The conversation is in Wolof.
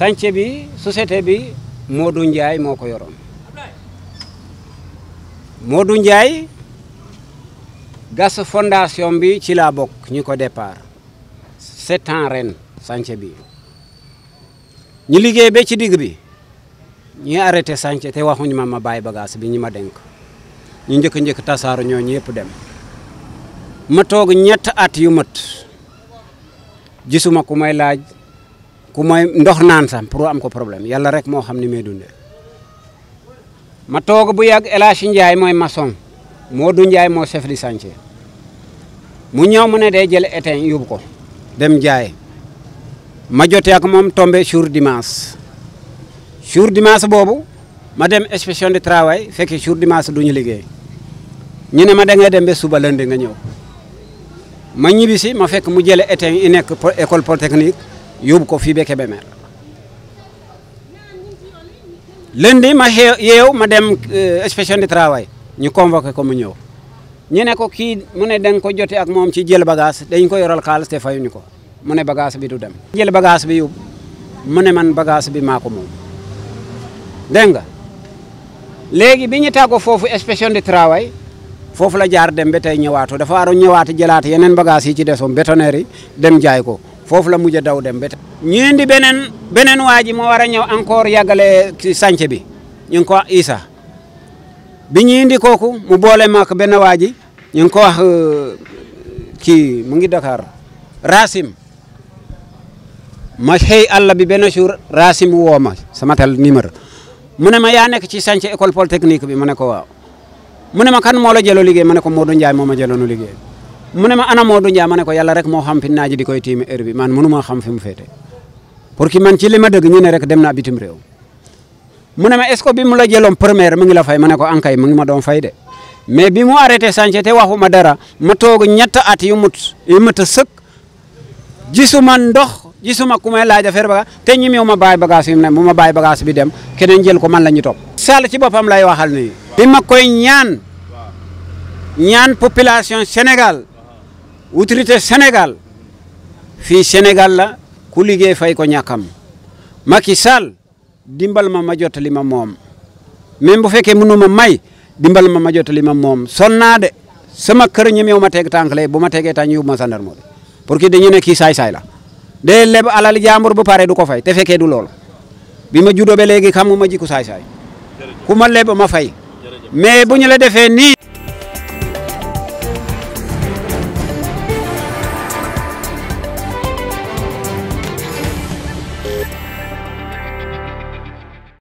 chantier bi société bi Modou Ndiaye moo ko yoroon Modou Ndiaye gas fondation bi ci laa bokk ñu ko départ sept ren chantier bi ñu liggéey be ci digg bi ñuy arrêté chantier te waxuñu ma ma bàyyi bagage bi ñi ma denk ñu njëkk njëkk tasaaru ñoo ñu yëpp dem ma toog at yu mat gisuma ku may laaj ku may ndox naan sam pour am ko problème yalla rek mo xam ni may dundé ma toog bu yag El Hadj moy maçon mo du Ndiaye mo chef du chantier mu ñëw mu ne day jël étain yub ko dem jaay ma joté ak mom tombé jour dimanche jour dimanche bobu ma dem inspection de travail fekk jour dimanche duñu ñu liggéey ñu ne ma da nga dem ba suba lënd nga ñëw ma ñibisi ma fekk mu jël étain yi nekk école polytechnique yóbbu ko fii ba Kébémer lundi ma xew yeew ma dem inspection euh, de travail ñu convoqué ko mu ñëw ñu ne ko kii mu ne danga ko jote ak moom ci jël bagage dañ ko yoral xaalis te fayuñu ko mu ne bagage bi du dem. jël bagage bi yóbbu mu ne man bagage bi maako ko moom dégg nga léegi bi ñu tàggoo foofu inspection du traway foofu la jaar dem ba tey ñëwaatu dafa war a ñëwaat jëlaat yeneen bagage yi ci desoon bétonnière yi dem jaay ko. Fofla la mujj daw dem bet ñu indi benen beneen waa ji moo encore yagalé ci bi ñu ko Isa bi koko indi kooku mu waji. mak benn waji ji ñu ko wax euh, ki mu ngi Dakar Rasim ma xëy bi benn jour Rasim woo ma sama tel numéro mu ne ma ya nek ci sànce école polytechnique bi mune ne ko waaw mu ne ma kan mo la jëlo liggéey ma ne ko Modou ndjay ma liggéey mune ma ana Modou ndia mané ko yalla rek mo xam fi naaji di koy timi heure bi man mënu maa xam fi mu fété pour ki man ci lima deug ñu né rek dem na bitim rew mune ma est ce que bi mu la jëlom première mu ngi la fay mané ko ankay mu ngi ma doon fay dé mais bi mu arrêté sànce té waxuma dara ma togu ñett at yu mut yu mata sekk sëkk gisuma ndox gisuma ku may laaj affaire ba té ñi miuma bagage mu ma bagage bi dem keneen jël ko man lañu top sal ci bopam lay waxal ni bi ma koy ñaan ñaan population Sénégal autorité senegal fii Sénégal la ku liggéey fay ko ñàkkam Macky Sall dimbal ma ma jotali ma moom même bu fekkee mënu ma may dimbal ma ma jotali ma moom son naa de sama kar ñemewu ma teg tànk bu ma tegee tànk yóbbu ma sandarmo bi pour que dañu ne kii saay-saay la day leb alal jàmbur bu pare du ko fay te fekkee du lool bi ma juddoo ba léegi xamuma jiku saay-saay ku ma leb ma fay mais bu ñu la defee nii